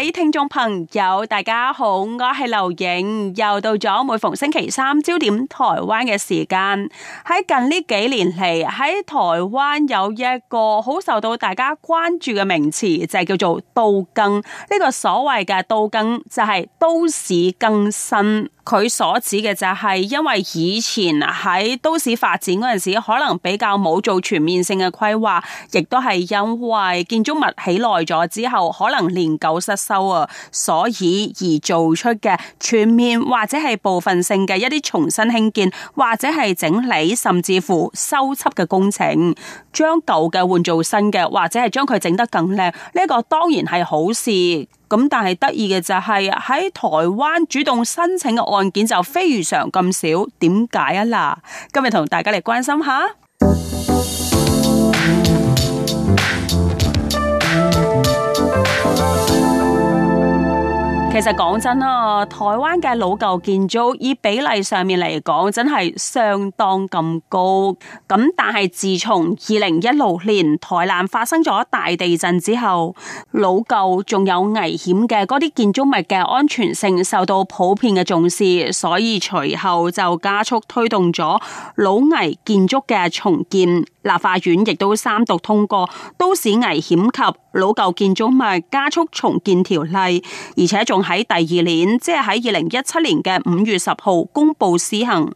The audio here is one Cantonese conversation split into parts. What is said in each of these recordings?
各位聽眾朋友，大家好，我係劉穎，又到咗每逢星期三焦點台灣嘅時間。喺近呢幾年嚟，喺台灣有一個好受到大家關注嘅名詞，就係、是、叫做都更。呢、這個所謂嘅都更，就係、是、都市更新。佢所指嘅就係因為以前喺都市發展嗰陣時，可能比較冇做全面性嘅規劃，亦都係因為建築物起耐咗之後可能年久失修啊，所以而做出嘅全面或者係部分性嘅一啲重新興建或者係整理甚至乎修葺嘅工程，將舊嘅換做新嘅，或者係將佢整得更靚，呢個當然係好事。咁但係得意嘅就係、是、喺台灣主動申請嘅案件就非常咁少，點解啊？嗱，今日同大家嚟關心下。其實講真啦，台灣嘅老舊建築以比例上面嚟講，真係相當咁高。咁但係自從二零一六年台南發生咗大地震之後，老舊仲有危險嘅嗰啲建築物嘅安全性受到普遍嘅重視，所以隨後就加速推動咗老危建築嘅重建。立法院亦都三讀通過《都市危險及老舊建築物加速重建條例》，而且仲喺第二年，即係喺二零一七年嘅五月十號公布施行。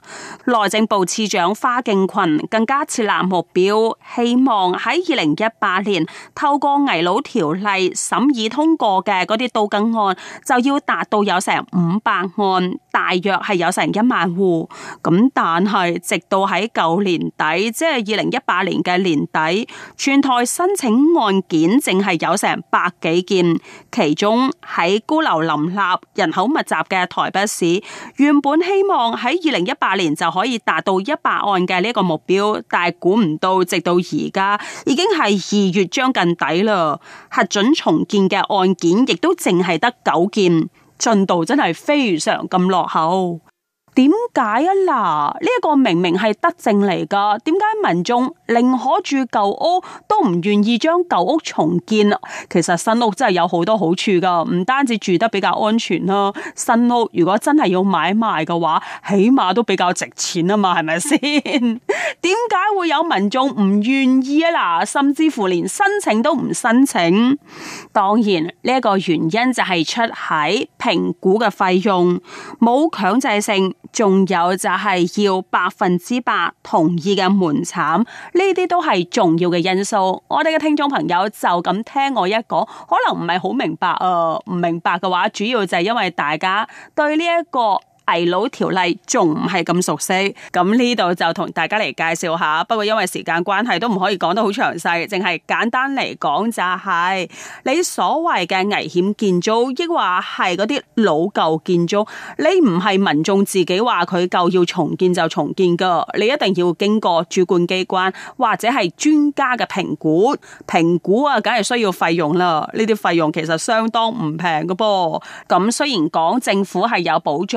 內政部次長花敬群更加設立目標，希望喺二零一八年透過危老條例審議通過嘅嗰啲都更案，就要達到有成五百案。大約係有成一萬戶，咁但係直到喺舊年底，即係二零一八年嘅年底，全台申請案件淨係有成百幾件，其中喺高樓林立、人口密集嘅台北市，原本希望喺二零一八年就可以達到一百案嘅呢個目標，但係估唔到，直到而家已經係二月將近底啦，核准重建嘅案件亦都淨係得九件。進度真係非常咁落後。點解啊嗱？呢個明明係德政嚟噶，點解民眾寧可住舊屋都唔願意將舊屋重建？其實新屋真係有好多好處噶，唔單止住得比較安全啦、啊，新屋如果真係要買賣嘅話，起碼都比較值錢啊嘛，係咪先？點 解會有民眾唔願意啊嗱？甚至乎連申請都唔申請？當然呢個原因就係出喺評估嘅費用冇強制性。仲有就係要百分之百同意嘅門檻，呢啲都係重要嘅因素。我哋嘅聽眾朋友就咁聽我一講，可能唔係好明白啊。呃、唔明白嘅話，主要就係因為大家對呢一個危老條例仲唔係咁熟悉？咁呢度就同大家嚟介紹下。不過因為時間關係，都唔可以講得好詳細，淨係簡單嚟講就係你所謂嘅危險建築，亦或係嗰啲老舊建築，你唔係民眾自己話佢舊要重建就重建噶，你一定要經過主管機關或者係專家嘅評估。評估啊，梗係需要費用啦。呢啲費用其實相當唔平噶噃。咁雖然講政府係有補助，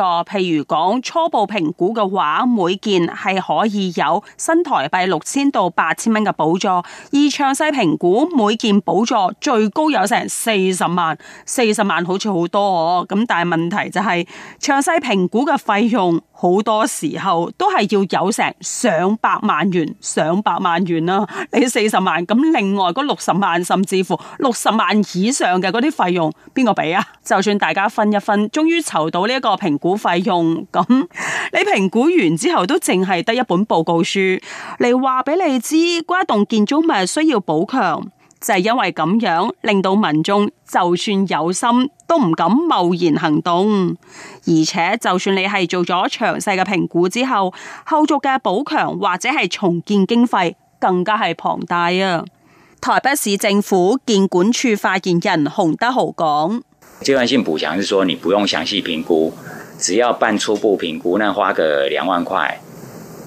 如講初步評估嘅話，每件係可以有新台幣六千到八千蚊嘅補助；而詳細評估每件補助最高有成四十萬，四十萬好似好多哦。咁但係問題就係詳細評估嘅費用好多時候都係要有成上百萬元、上百萬元啦、啊。你四十萬咁，另外嗰六十萬甚至乎六十萬以上嘅嗰啲費用，邊個俾啊？就算大家分一分，終於籌到呢一個評估費。用咁，你評估完之後都淨係得一本報告書嚟話俾你知，嗰一棟建築物需要補強，就係因為咁樣令到民眾就算有心都唔敢貿然行動。而且，就算你係做咗詳細嘅評估之後，後續嘅補強或者係重建經費更加係龐大啊！台北市政府建管處發言人洪德豪講：階段性補強就說你不用詳細評估。只要辦初步評估，呢花個兩萬塊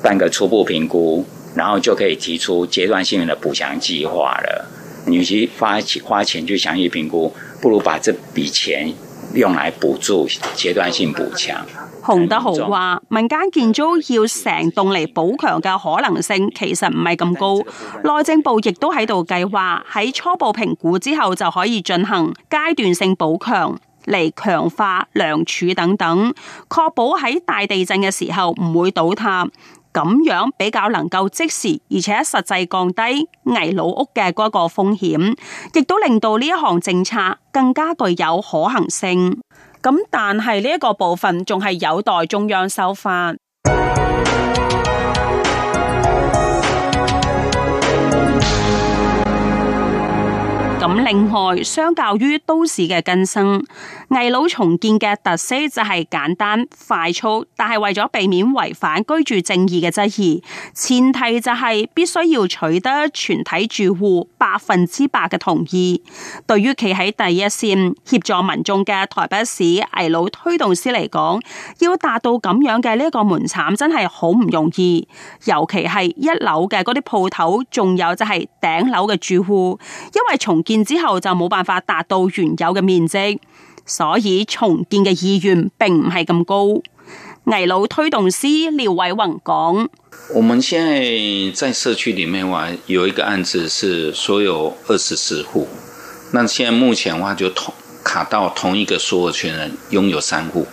辦個初步評估，然後就可以提出階段性嘅補強計劃了。與其花錢花錢去詳細評估，不如把這筆錢用來補助階段性補強。洪德豪話：民間建築要成棟嚟補強嘅可能性其實唔係咁高。內政部亦都喺度計劃喺初步評估之後就可以進行階段性補強。嚟強化樑柱等等，確保喺大地震嘅時候唔會倒塌，咁樣比較能夠即時而且實際降低危老屋嘅嗰個風險，亦都令到呢一項政策更加具有可行性。咁但係呢一個部分仲係有待中央修法。另外，相較於都市嘅更新，危老重建嘅特色就係簡單快速，但係為咗避免違反居住正義嘅質疑，前提就係必須要取得全體住戶百分之百嘅同意。對於企喺第一線協助民眾嘅台北市危老推動師嚟講要達到咁樣嘅呢個門檻真係好唔容易，尤其係一樓嘅啲鋪頭仲有就係頂樓嘅住戶，因為重建之。之後就冇辦法達到原有嘅面積，所以重建嘅意願並唔係咁高。危老推動師廖偉宏講：我們現在在社區裏面話有一個案子，是所有二十四戶，那現在目前的話就同卡到同一個所有權人擁有三戶，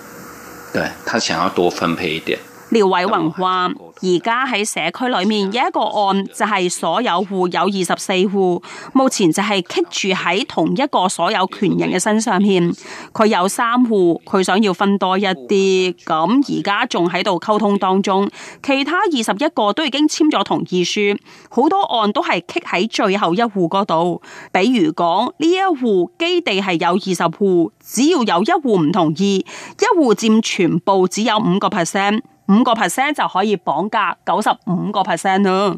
對他想要多分配一點。廖偉宏話：而家喺社區裏面有一個案就係所有戶有二十四戶，目前就係棘住喺同一個所有權人嘅身上面。佢有三戶，佢想要分多一啲，咁而家仲喺度溝通當中。其他二十一個都已經簽咗同意書，好多案都係棘喺最後一戶嗰度。比如講呢一戶基地係有二十戶，只要有一戶唔同意，一戶佔全部只有五個 percent。五個 percent 就可以綁架九十五個 percent 啦。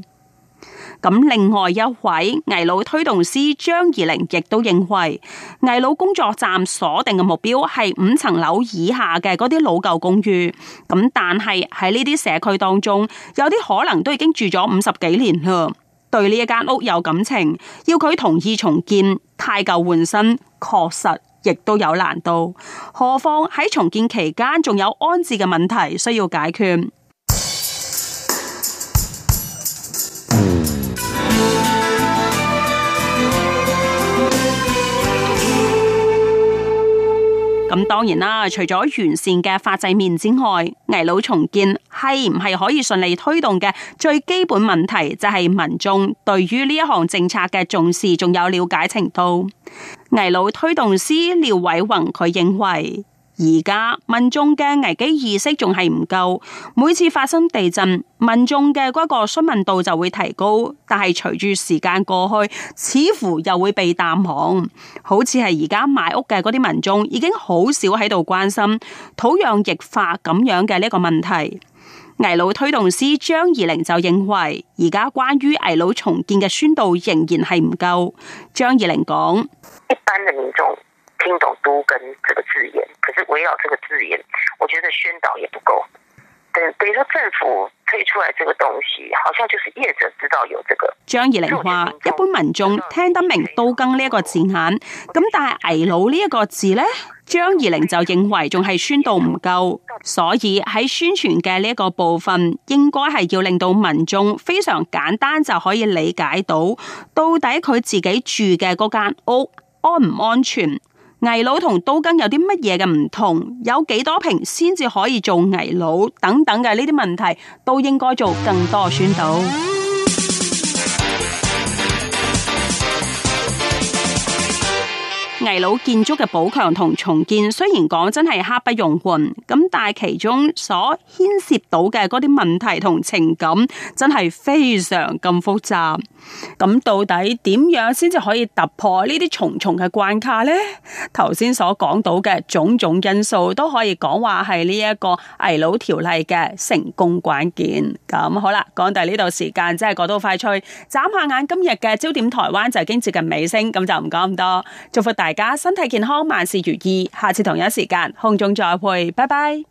咁另外一位危老推動師張宜玲亦都認為危老工作站鎖定嘅目標係五層樓以下嘅嗰啲老舊公寓。咁但係喺呢啲社區當中，有啲可能都已經住咗五十幾年啦，對呢一間屋有感情，要佢同意重建，汰舊換新，確實亦都有難度，何況喺重建期間仲有安置嘅問題需要解決。咁當然啦，除咗完善嘅法制面之外，危老重建係唔係可以順利推動嘅最基本問題，就係民眾對於呢一項政策嘅重視，仲有了解程度。危老推動師廖偉宏佢認為。而家民眾嘅危機意識仲係唔夠，每次發生地震，民眾嘅嗰個詢問度就會提高，但係隨住時間過去，似乎又會被淡忘，好似係而家買屋嘅嗰啲民眾已經好少喺度關心土壤液化咁樣嘅呢個問題。危老推動師張宜寧就認為，而家關於危老重建嘅宣導仍然係唔夠。張宜寧講，一般嘅民眾。聽到「都更」這個字眼，可是圍繞這個字眼，我覺得宣導也不夠。等等，如政府推出來這個東西，好像就是業者知道有這個。張宜玲話，一般民眾聽得明“都更”呢一個字眼，咁但係“危老”呢一個字呢，張宜玲就認為仲係宣導唔夠，所以喺宣傳嘅呢一個部分，應該係要令到民眾非常簡單就可以理解到到底佢自己住嘅嗰間屋安唔安全。危老同都更有啲乜嘢嘅唔同？有幾多少坪先至可以做危老？等等嘅呢啲問題，都應該做更多嘅宣導。危老建築嘅補強同重建，雖然講真係刻不容緩，咁但係其中所牽涉到嘅嗰啲問題同情感，真係非常咁複雜。咁到底點樣先至可以突破呢啲重重嘅關卡呢？頭先所講到嘅種種因素，都可以講話係呢一個危老條例嘅成功關鍵。咁好啦，講到呢度時間真係過到快脆，眨下眼今日嘅焦點台灣就已經接近尾聲，咁就唔講咁多，祝福大家，家身體健康，萬事如意。下次同一時間，空中再會，拜拜。